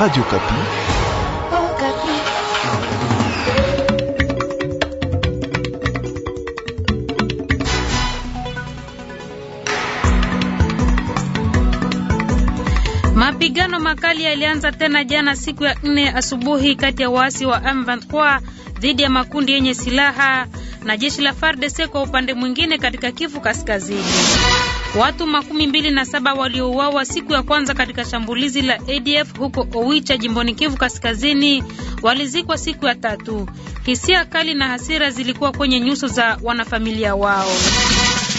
Radio Kapi. Oh, Kapi. Mapigano makali yalianza tena jana siku ya nne asubuhi kati ya waasi wa M23 dhidi ya makundi yenye silaha na jeshi la FARDC kwa upande mwingine katika Kivu Kaskazini. Watu makumi mbili na saba waliouawa siku ya kwanza katika shambulizi la ADF huko Owicha jimboni Kivu Kaskazini walizikwa siku ya tatu. Hisia kali na hasira zilikuwa kwenye nyuso za wanafamilia wao.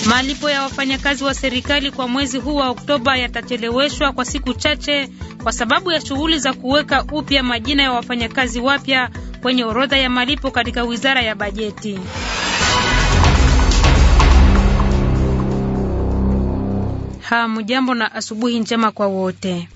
Malipo ya wafanyakazi wa serikali kwa mwezi huu wa Oktoba yatacheleweshwa kwa siku chache kwa sababu ya shughuli za kuweka upya majina ya wafanyakazi wapya kwenye orodha ya malipo katika Wizara ya Bajeti. Hamjambo na asubuhi njema kwa wote.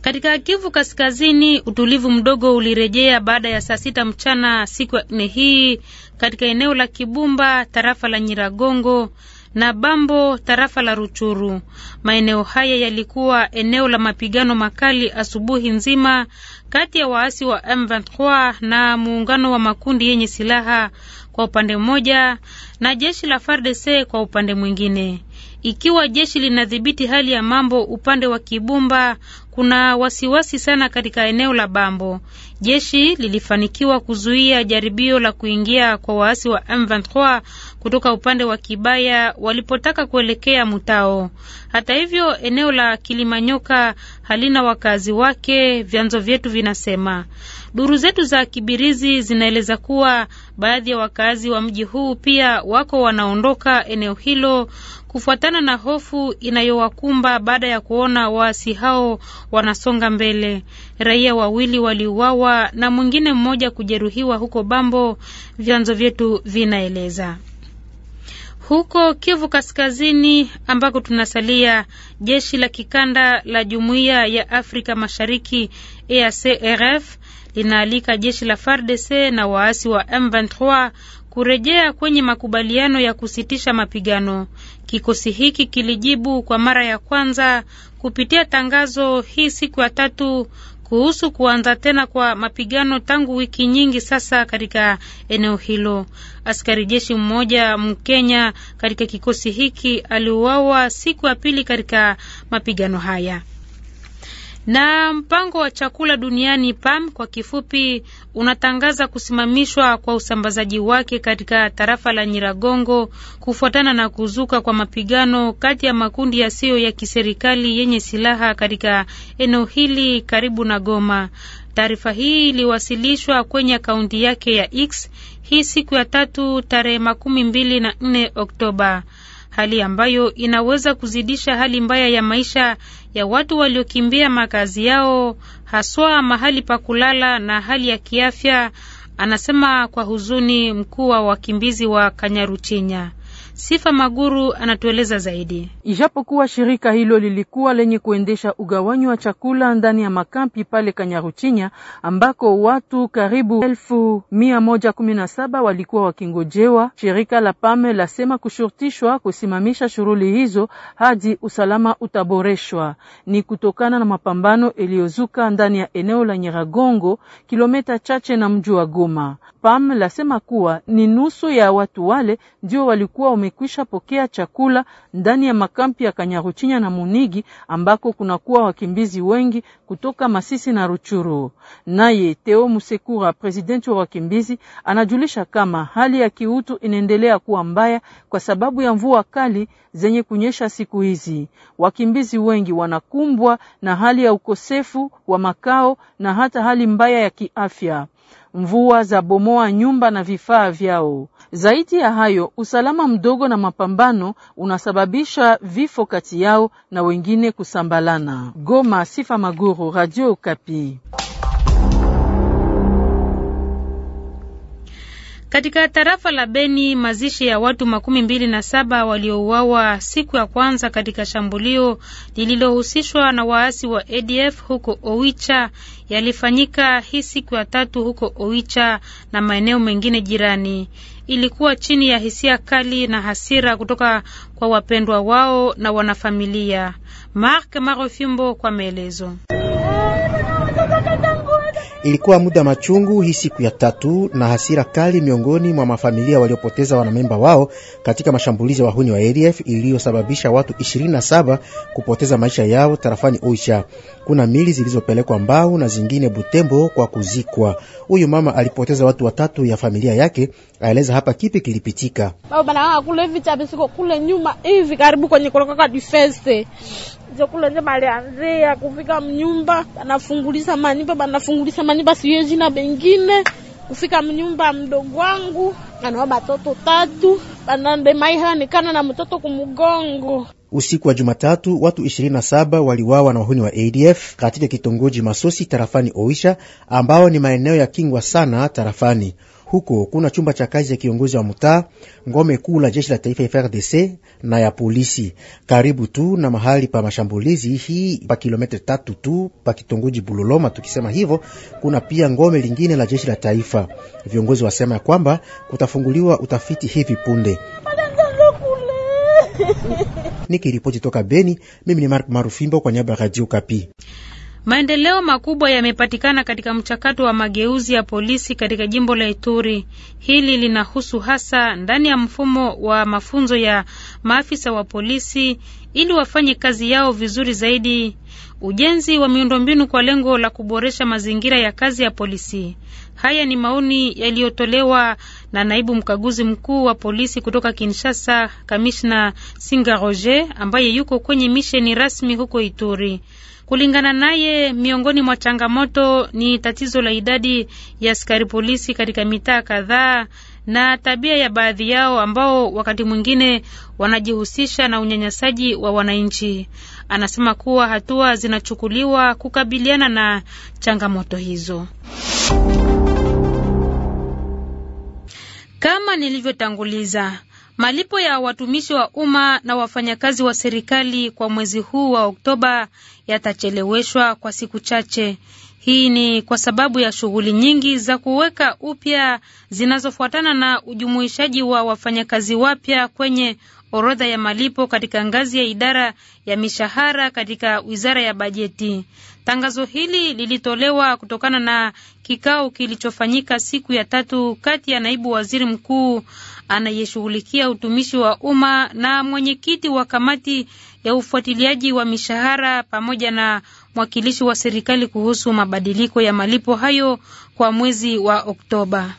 Katika Kivu Kaskazini, utulivu mdogo ulirejea baada ya saa sita mchana siku ya nne hii katika eneo la Kibumba, tarafa la Nyiragongo na Bambo, tarafa la Ruchuru. Maeneo haya yalikuwa eneo la mapigano makali asubuhi nzima kati ya waasi wa M23 na muungano wa makundi yenye silaha kwa upande mmoja na jeshi la FARDC kwa upande mwingine. Ikiwa jeshi linadhibiti hali ya mambo upande wa Kibumba, kuna wasiwasi sana katika eneo la Bambo. Jeshi lilifanikiwa kuzuia jaribio la kuingia kwa waasi wa M23 kutoka upande wa Kibaya walipotaka kuelekea Mutao. Hata hivyo, eneo la Kilimanyoka halina wakazi wake, vyanzo vyetu vinasema. Duru zetu za Kibirizi zinaeleza kuwa baadhi ya wakazi wa mji huu pia wako wanaondoka eneo hilo kufuatana na hofu inayowakumba baada ya kuona waasi hao wanasonga mbele. Raia wawili waliuawa na mwingine mmoja kujeruhiwa huko Bambo, vyanzo vyetu vinaeleza. Huko Kivu Kaskazini ambako tunasalia, jeshi la kikanda la Jumuiya ya Afrika Mashariki EACRF linaalika jeshi la FARDC na waasi wa M23 kurejea kwenye makubaliano ya kusitisha mapigano. Kikosi hiki kilijibu kwa mara ya kwanza kupitia tangazo hii siku ya tatu kuhusu kuanza tena kwa mapigano tangu wiki nyingi sasa katika eneo hilo. Askari jeshi mmoja Mkenya katika kikosi hiki aliuawa siku ya pili katika mapigano haya. Na mpango wa chakula duniani PAM kwa kifupi unatangaza kusimamishwa kwa usambazaji wake katika tarafa la Nyiragongo kufuatana na kuzuka kwa mapigano kati ya makundi yasiyo ya kiserikali yenye silaha katika eneo hili karibu na Goma. Taarifa hii iliwasilishwa kwenye akaunti yake ya X hii siku ya tatu tarehe makumi mbili na nne Oktoba hali ambayo inaweza kuzidisha hali mbaya ya maisha ya watu waliokimbia makazi yao, haswa mahali pa kulala na hali ya kiafya, anasema kwa huzuni mkuu wa wakimbizi wa Kanyaruchinya. Sifa Maguru anatueleza zaidi. Ijapokuwa shirika hilo lilikuwa lenye kuendesha ugawanyi wa chakula ndani ya makampi pale Kanyaruchinya, ambako watu karibu elfu mia moja kumi na saba walikuwa wakingojewa, shirika la PAME lasema kushurutishwa kusimamisha shughuli hizo hadi usalama utaboreshwa. Ni kutokana na mapambano yaliyozuka ndani ya eneo la Nyiragongo, kilometa chache na mji wa Goma. PAM lasema kuwa ni nusu ya watu wale ndio walikuwa wame wamekwisha pokea chakula ndani ya makampi ya Kanyaruchinya na Munigi ambako kunakuwa wakimbizi wengi kutoka Masisi na Ruchuru. Naye Theo Musekura, presidenti wa wakimbizi, anajulisha kama hali ya kiutu inaendelea kuwa mbaya kwa sababu ya mvua kali zenye kunyesha siku hizi. Wakimbizi wengi wanakumbwa na hali ya ukosefu wa makao na hata hali mbaya ya kiafya. Mvua za bomoa nyumba na vifaa vyao. Zaidi ya hayo, usalama mdogo na mapambano unasababisha vifo kati yao na wengine kusambalana. Goma, Sifa Maguru, Radio Kapi. Katika tarafa la Beni, mazishi ya watu makumi mbili na saba waliouawa siku ya kwanza katika shambulio lililohusishwa na waasi wa ADF huko Oicha yalifanyika hii siku ya tatu huko Oicha na maeneo mengine jirani. Ilikuwa chini ya hisia kali na hasira kutoka kwa wapendwa wao na wanafamilia. Mark Marofimbo kwa maelezo Ilikuwa muda machungu hii siku ya tatu na hasira kali miongoni mwa mafamilia waliopoteza wanamemba wao katika mashambulizi ya wahuni wa ADF iliyosababisha watu 27 kupoteza maisha yao tarafani Oicha. Kuna mili zilizopelekwa Mbau na zingine Butembo kwa kuzikwa. Huyu mama alipoteza watu watatu ya familia yake, aeleza hapa kipi kilipitika. Baba na kule bisiko kule nyuma hivi karibu kwenye kolokaka difese njokula nje balianzia kufika mnyumba banafungulisa manipa banafungulisa manipa siyo jina bengine kufika mnyumba mdogo wangu anawa batoto tatu banandemaihanikana na mtoto kumugongo. Usiku wa Jumatatu watu 27 waliwawa na wahuni wa ADF katika kitongoji Masosi tarafani Oisha, ambao ni maeneo ya kingwa sana tarafani huko kuna chumba cha kazi ya kiongozi wa mtaa, ngome kuu la jeshi la taifa FRDC na ya polisi, karibu tu na mahali pa mashambulizi, hii pa kilomita tatu tu pa kitongoji bululoma Tukisema hivyo, kuna pia ngome lingine la jeshi la taifa. Viongozi wasema ya kwamba kutafunguliwa utafiti hivi punde. Nikiripoti toka Beni, mimi ni Mark Marufimbo kwa niaba ya Radio Kapi. Maendeleo makubwa yamepatikana katika mchakato wa mageuzi ya polisi katika jimbo la Ituri. Hili linahusu hasa ndani ya mfumo wa mafunzo ya maafisa wa polisi ili wafanye kazi yao vizuri zaidi, ujenzi wa miundombinu kwa lengo la kuboresha mazingira ya kazi ya polisi. Haya ni maoni yaliyotolewa na naibu mkaguzi mkuu wa polisi kutoka Kinshasa, kamishna Singa Roger, ambaye yuko kwenye misheni rasmi huko Ituri. Kulingana naye, miongoni mwa changamoto ni tatizo la idadi ya askari polisi katika mitaa kadhaa na tabia ya baadhi yao ambao wakati mwingine wanajihusisha na unyanyasaji wa wananchi. Anasema kuwa hatua zinachukuliwa kukabiliana na changamoto hizo. Kama nilivyotanguliza Malipo ya watumishi wa umma na wafanyakazi wa serikali kwa mwezi huu wa Oktoba yatacheleweshwa kwa siku chache. Hii ni kwa sababu ya shughuli nyingi za kuweka upya zinazofuatana na ujumuishaji wa wafanyakazi wapya kwenye orodha ya malipo katika ngazi ya idara ya mishahara katika wizara ya bajeti. Tangazo hili lilitolewa kutokana na kikao kilichofanyika siku ya tatu kati ya naibu waziri mkuu anayeshughulikia utumishi wa umma na mwenyekiti wa kamati ya ufuatiliaji wa mishahara pamoja na mwakilishi wa serikali kuhusu mabadiliko ya malipo hayo kwa mwezi wa Oktoba.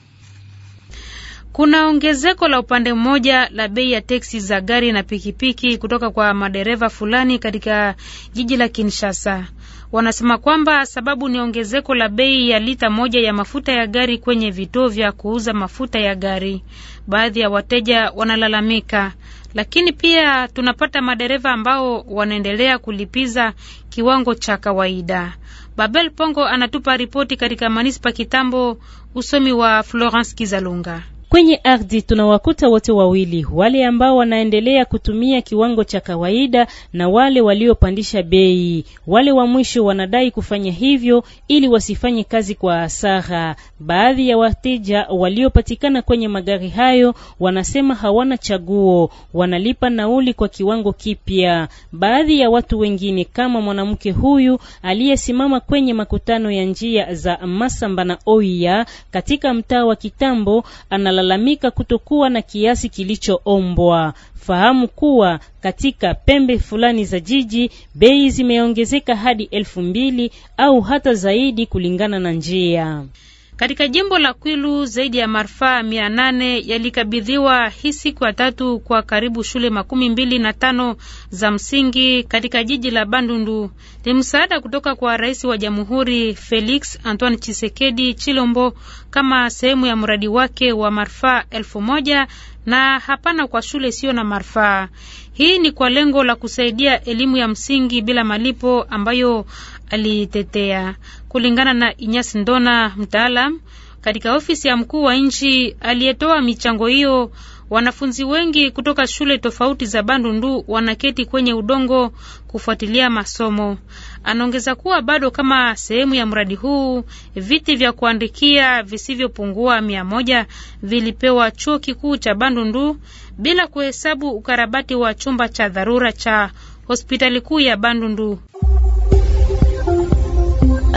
Kuna ongezeko la upande mmoja la bei ya teksi za gari na pikipiki kutoka kwa madereva fulani katika jiji la Kinshasa. Wanasema kwamba sababu ni ongezeko la bei ya lita moja ya mafuta ya gari kwenye vituo vya kuuza mafuta ya gari. Baadhi ya wateja wanalalamika, lakini pia tunapata madereva ambao wanaendelea kulipiza kiwango cha kawaida. Babel Pongo anatupa ripoti katika manispa Kitambo, usomi wa Florence Kizalunga. Kwenye ardhi tunawakuta wote wawili, wale ambao wanaendelea kutumia kiwango cha kawaida na wale waliopandisha bei. Wale wa mwisho wanadai kufanya hivyo ili wasifanye kazi kwa hasara. Baadhi ya wateja waliopatikana kwenye magari hayo wanasema hawana chaguo, wanalipa nauli kwa kiwango kipya. Baadhi ya watu wengine kama mwanamke huyu aliyesimama kwenye makutano ya njia za Masamba na oia katika mtaa wa Kitambo anala wanalalamika kutokuwa na kiasi kilichoombwa. Fahamu kuwa katika pembe fulani za jiji bei zimeongezeka hadi elfu mbili au hata zaidi kulingana na njia. Katika jimbo la Kwilu zaidi ya marfaa mia nane yalikabidhiwa hii siku ya tatu kwa karibu shule makumi mbili na tano za msingi katika jiji la Bandundu. Ni msaada kutoka kwa rais wa jamhuri Felix Antoine Chisekedi Chilombo kama sehemu ya mradi wake wa marfaa elfu moja na hapana kwa shule isiyo na marfaa. Hii ni kwa lengo la kusaidia elimu ya msingi bila malipo ambayo aliitetea. Kulingana na Inyas Ndona, mtaalam katika ofisi ya mkuu wa nchi aliyetoa michango hiyo, wanafunzi wengi kutoka shule tofauti za Bandundu wanaketi kwenye udongo kufuatilia masomo. Anaongeza kuwa bado kama sehemu ya mradi huu, viti vya kuandikia visivyopungua mia moja vilipewa chuo kikuu cha Bandundu bila kuhesabu ukarabati wa chumba cha dharura cha hospitali kuu ya Bandundu.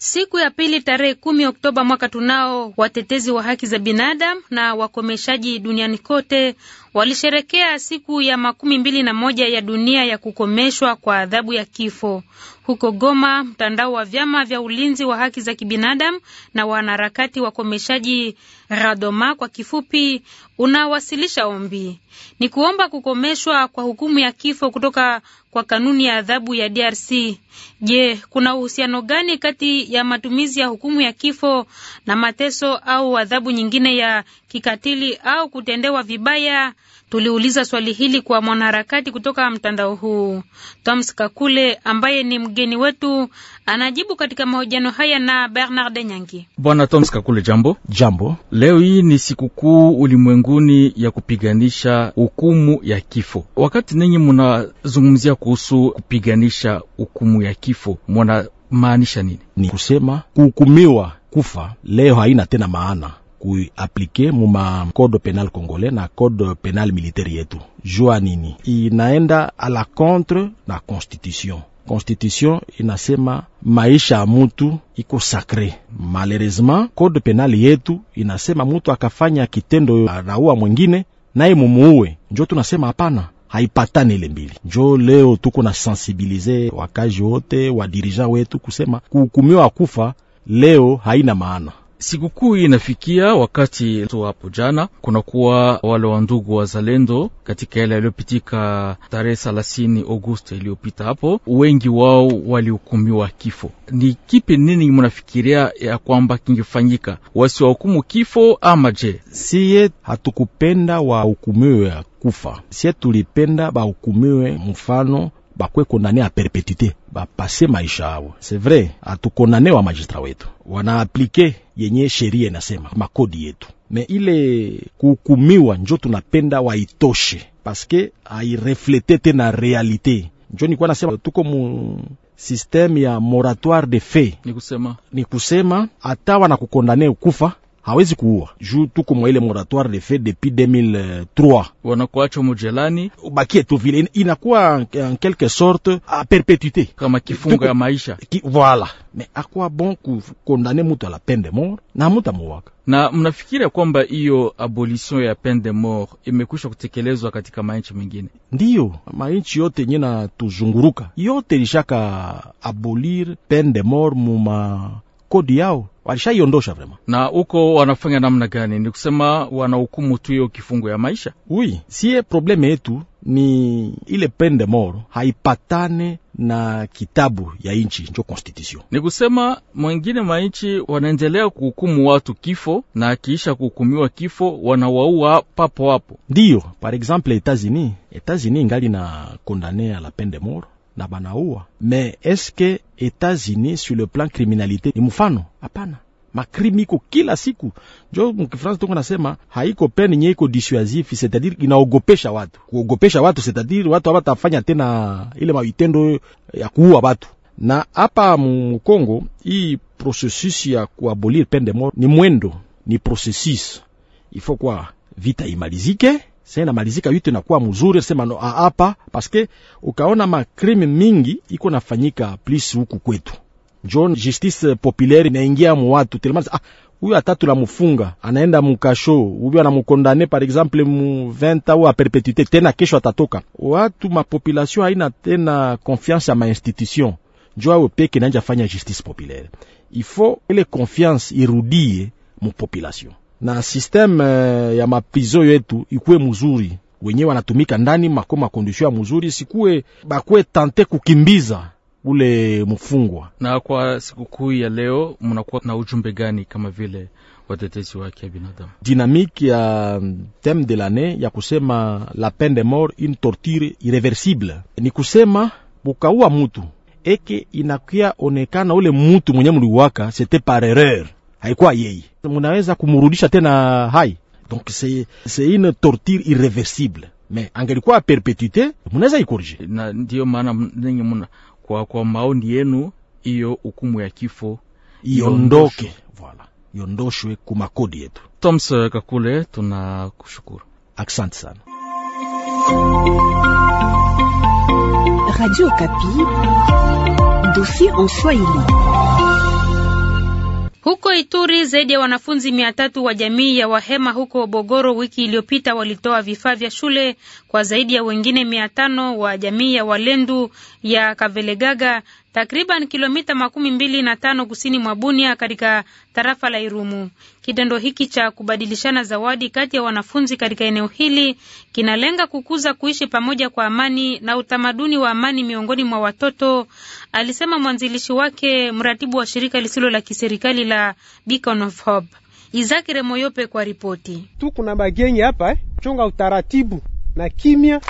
Siku ya pili tarehe kumi Oktoba mwaka tunao, watetezi wa haki za binadamu na wakomeshaji duniani kote walisherekea siku ya makumi mbili na moja ya dunia ya kukomeshwa kwa adhabu ya kifo. Huko Goma, mtandao wa vyama vya ulinzi wa haki za kibinadamu na wanaharakati wakomeshaji Radoma kwa kifupi, unawasilisha ombi ni kuomba kukomeshwa kwa hukumu ya kifo kutoka kwa kanuni ya adhabu ya DRC. Je, kuna uhusiano gani kati ya matumizi ya hukumu ya kifo na mateso au adhabu nyingine ya kikatili au kutendewa vibaya? Tuliuliza swali hili kwa mwanaharakati kutoka mtandao huu Toms Kakule, ambaye ni mgeni wetu, anajibu katika mahojiano haya na Bernard Nyangi. Bwana Toms Kakule, jambo. Jambo. Leo hii ni sikukuu ulimwenguni ya kupiganisha hukumu ya kifo. Wakati ninyi munazungumzia kuhusu kupiganisha hukumu ya kifo, mwanamaanisha nini? Ni kusema kuhukumiwa kufa leo haina tena maana kuaplike muma code penal congolais na code penal militari yetu. Jua nini inaenda ala contre na constitution Constitution inasema maisha ya mutu iko sakre. Malheureusement, code penal yetu inasema mutu akafanya kitendo anaua mwingine naye mumuue, njo tunasema hapana, haipatani ile mbili. Njo leo tuko na sensibilize wakaji wote, wadirija wetu kusema kuhukumiwa kufa leo haina maana. Sikukuu inafikia wakati tu. Hapo jana kunakuwa wale wa ndugu wa zalendo katika yale yaliyopitika tarehe thelathini Agosti iliyopita, hapo wengi wao walihukumiwa kifo. Ni kipi nini mnafikiria ya kwamba kingefanyika wasiwahukumu kifo ama je? Siye hatukupenda wahukumiwe kufa, sie tulipenda bahukumiwe mfano bakwe kondane a perpetite bapase maisha yao. Se vrai hatukondane wa magistrat wetu, wanaaplike yenye sheria inasema makodi yetu, me ile kuhukumiwa njo tunapenda waitoshe, paske te na realite. Njo nikuwa nasema tuko mu systeme ya moratoire de fait, ni kusema ni kusema hata wanakukondane ukufa hawezi kuua juu tuko mwa ile moratoire de fait depuis 2003, wanakuacha mujelani ubakie tu vile, inakuwa en quelque sorte a perpetuité kama kifungo ya maisha ki, voilà mais akwa bon kukondane mutu ala peine de mort na mutu amuwaka na mnafikiri ya kwamba hiyo abolition ya peine de mort imekwisha kutekelezwa katika manchi mengine? Ndiyo, manchi yote nye na tuzunguruka yote lishaka abolir peine de mort muma kodi yao walishaiondosha vrema. Na huko wanafanya namna gani? Ni kusema wanahukumu tu hiyo kifungo ya maisha. Wi sie probleme yetu ni ile pende moro haipatane na kitabu ya inchi njo constitution. Ni kusema mwengine mainchi wanaendelea kuhukumu watu kifo, na akiisha kuhukumiwa kifo wanawaua papo hapo. Ndiyo par exemple Etats-Unis, Etats-Unis ngali na kondane ya la pende moro na banauwa. Me eske Etats-Unis sur le plan criminalité ni mfano? Hapana, makrimi iko kila siku. Njo mkifransa tuko nasema haiko peni nye iko dissuasif, setadiri inaogopesha watu, kuogopesha watu, c'est-à-dire watu abatafanya tena ile mawitendo ya kuua watu. Na hapa mukongo hii processus ya kuabolir de mort ni mwendo, ni prosesus ifo kwa vita imalizike se namalizika yote nakuwa mzuri, sema no ah, hapa, paske ukaona makrime mingi iko nafanyika plisi huku kwetu, njo justice populaire naingia mu watu telemans, ah, huyo atatu la mufunga anaenda mukasho, huyo anamukondane par exemple mu 20 au a perpetuite, tena kesho atatoka. Watu mapopulation haina tena confiance ya mainstitution, njo awe peke nanja fanya justice populaire, ifo ile confiance irudie mupopulation na sisteme eh, ya maprizo yetu ikuwe mzuri, wenyewe wanatumika ndani mako makondisio ya mzuri, sikuwe bakwe tante kukimbiza ule mfungwa. Na kwa sikukuu ya leo mnakuwa na ujumbe gani kama vile watetezi wa haki ya binadamu? Dinamiki ya mm, theme de lannée ya kusema la peine de mort une torture irreversible, ni kusema bukaua mutu eke inakia onekana ule mutu mwenye mliwaka c'était par erreur haikuwa yeye, munaweza kumurudisha tena hai. Donc c'est c'est une torture irreversible, mais angelikuwa perpetuite munaweza ikorije, na ndiyo maana ninyi muna kwa, kwa maoni yenu hiyo hukumu ya kifo iondoke, voilà iondoshwe kumakodi yetu. Toms eh, Kakule, tunakushukuru, asante sana. Radio Kapi, dossier en Swahili. Huko Ituri zaidi ya wanafunzi mia tatu wa jamii ya Wahema huko Bogoro wiki iliyopita walitoa vifaa vya shule kwa zaidi ya wengine mia tano wa jamii ya Walendu ya Kavelegaga takriban kilomita makumi mbili na tano kusini mwa Bunia katika tarafa la Irumu. Kitendo hiki cha kubadilishana zawadi kati ya wanafunzi katika eneo hili kinalenga kukuza kuishi pamoja kwa amani na utamaduni wa amani miongoni mwa watoto, alisema mwanzilishi wake, mratibu wa shirika lisilo la kiserikali la Beacon of Hope. kwa ripoti. Tu kuna magenye hapa eh? chunga utaratibu na kimya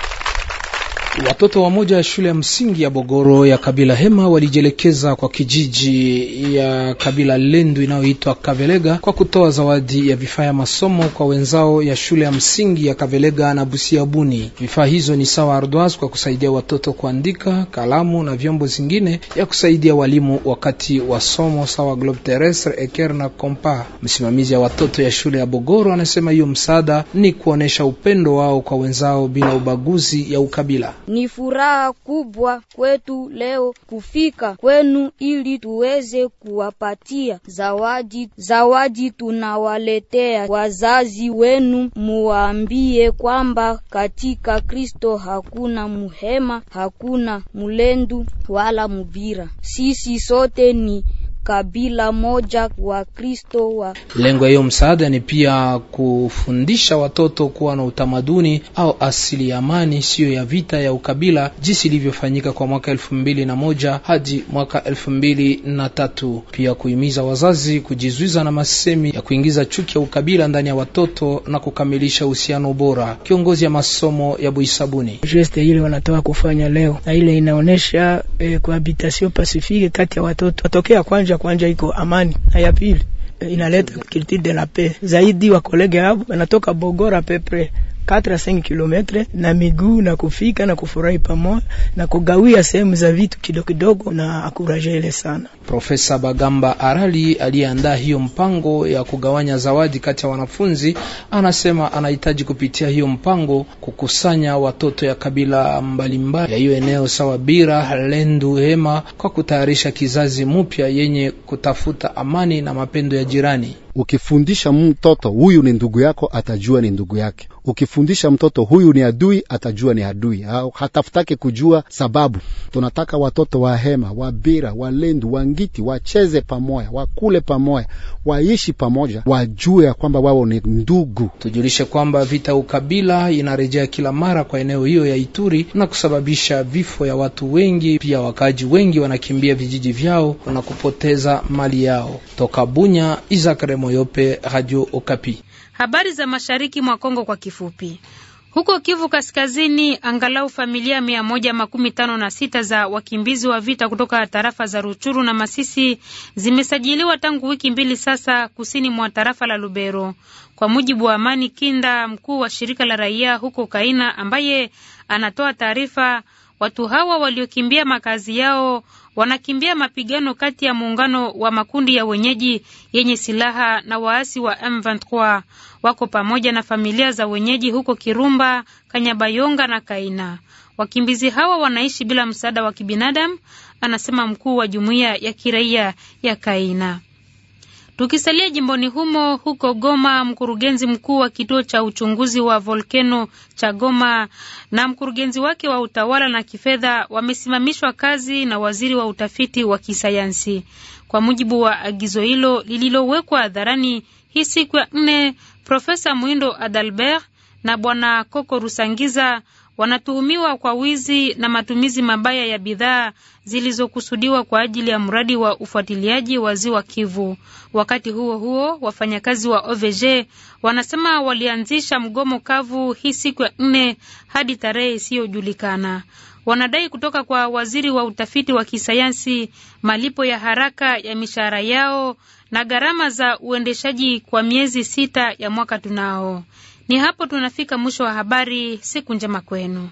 Watoto wa moja ya shule ya msingi ya Bogoro ya kabila Hema walijielekeza kwa kijiji ya kabila Lendu inayoitwa Kavelega kwa kutoa zawadi ya vifaa ya masomo kwa wenzao ya shule ya msingi ya Kavelega na Busia Buni. Vifaa hizo ni sawa ardoise kwa kusaidia watoto kuandika, kalamu na vyombo zingine ya kusaidia walimu wakati wa somo, sawa globe terrestre, eker na kompa. Msimamizi ya watoto ya shule ya Bogoro anasema hiyo msaada ni kuonesha upendo wao kwa wenzao bila ubaguzi ya ukabila. Ni furaha kubwa kwetu leo kufika kwenu ili tuweze kuwapatia zawadi. Zawadi tunawaletea wazazi wenu, muwaambie kwamba katika Kristo hakuna muhema, hakuna mulendu wala mubira. Sisi sote ni kabila moja Kristo wa... Lengo ya hiyo msaada ni pia kufundisha watoto kuwa na utamaduni au asili ya amani, siyo ya vita ya ukabila, jinsi ilivyofanyika kwa mwaka elfu mbili na moja hadi mwaka elfu mbili na tatu. Pia kuhimiza wazazi kujizuiza na masemi ya kuingiza chuki ya ukabila ndani ya watoto na kukamilisha uhusiano bora. Kiongozi ya masomo ya Buisabuni, geste ile wanatoka kufanya leo na ile inaonyesha eh, kuhabitasio pasifiki kati ya watoto watokea kwanja ya kwanja iko amani na ya pili eh, inaleta culture de la paix zaidi. kolege hapo wanatoka Bogora pepre 4 à 5 kilometre na miguu na kufika na kufurahi pamoja na kugawia sehemu za vitu kidogo kidogo, na akuraje ile sana. Profesa Bagamba Arali aliyeandaa hiyo mpango ya kugawanya zawadi kati ya wanafunzi anasema anahitaji kupitia hiyo mpango kukusanya watoto ya kabila mbalimbali ya hiyo eneo sawa Bira, Lendu, Hema kwa kutayarisha kizazi mpya yenye kutafuta amani na mapendo ya jirani. Ukifundisha mtoto huyu ni ndugu yako, atajua ni ndugu yake. Ukifundisha mtoto huyu ni adui, atajua ni adui. Hatafutake kujua sababu. Tunataka watoto wa Hema, wa Bira, wa Lendu, wa Ngiti wacheze pamoja, wakule pamoja, waishi pamoja, wajue ya kwamba wao ni ndugu. Tujulishe kwamba vita ukabila inarejea kila mara kwa eneo hiyo ya Ituri na kusababisha vifo ya watu wengi, pia wakaaji wengi wanakimbia vijiji vyao na kupoteza mali yao. Toka Bunya, Isaac Moyope, Radio Okapi. Habari za mashariki mwa Kongo kwa kifupi. Huko Kivu Kaskazini, angalau familia mia moja makumi tano na sita za wakimbizi wa vita kutoka tarafa za Ruchuru na Masisi zimesajiliwa tangu wiki mbili sasa kusini mwa tarafa la Lubero, kwa mujibu wa Amani Kinda, mkuu wa shirika la raia huko Kaina, ambaye anatoa taarifa. Watu hawa waliokimbia makazi yao wanakimbia mapigano kati ya muungano wa makundi ya wenyeji yenye silaha na waasi wa M23. Wako pamoja na familia za wenyeji huko Kirumba, Kanyabayonga na Kaina. Wakimbizi hawa wanaishi bila msaada wa kibinadamu, anasema mkuu wa jumuiya ya kiraia ya Kaina. Tukisalia jimboni humo, huko Goma, mkurugenzi mkuu wa kituo cha uchunguzi wa volkeno cha Goma na mkurugenzi wake wa utawala na kifedha wamesimamishwa kazi na waziri wa utafiti wa kisayansi, kwa mujibu wa agizo hilo lililowekwa hadharani hii siku ya nne. Profesa Mwindo Adalbert na bwana Koko Rusangiza wanatuhumiwa kwa wizi na matumizi mabaya ya bidhaa zilizokusudiwa kwa ajili ya mradi wa ufuatiliaji wa ziwa Kivu. Wakati huo huo, wafanyakazi wa OVG wanasema walianzisha mgomo kavu hii siku ya nne hadi tarehe isiyojulikana. Wanadai kutoka kwa waziri wa utafiti wa kisayansi malipo ya haraka ya mishahara yao na gharama za uendeshaji kwa miezi sita ya mwaka tunao. Ni hapo tunafika mwisho wa habari. Siku njema kwenu.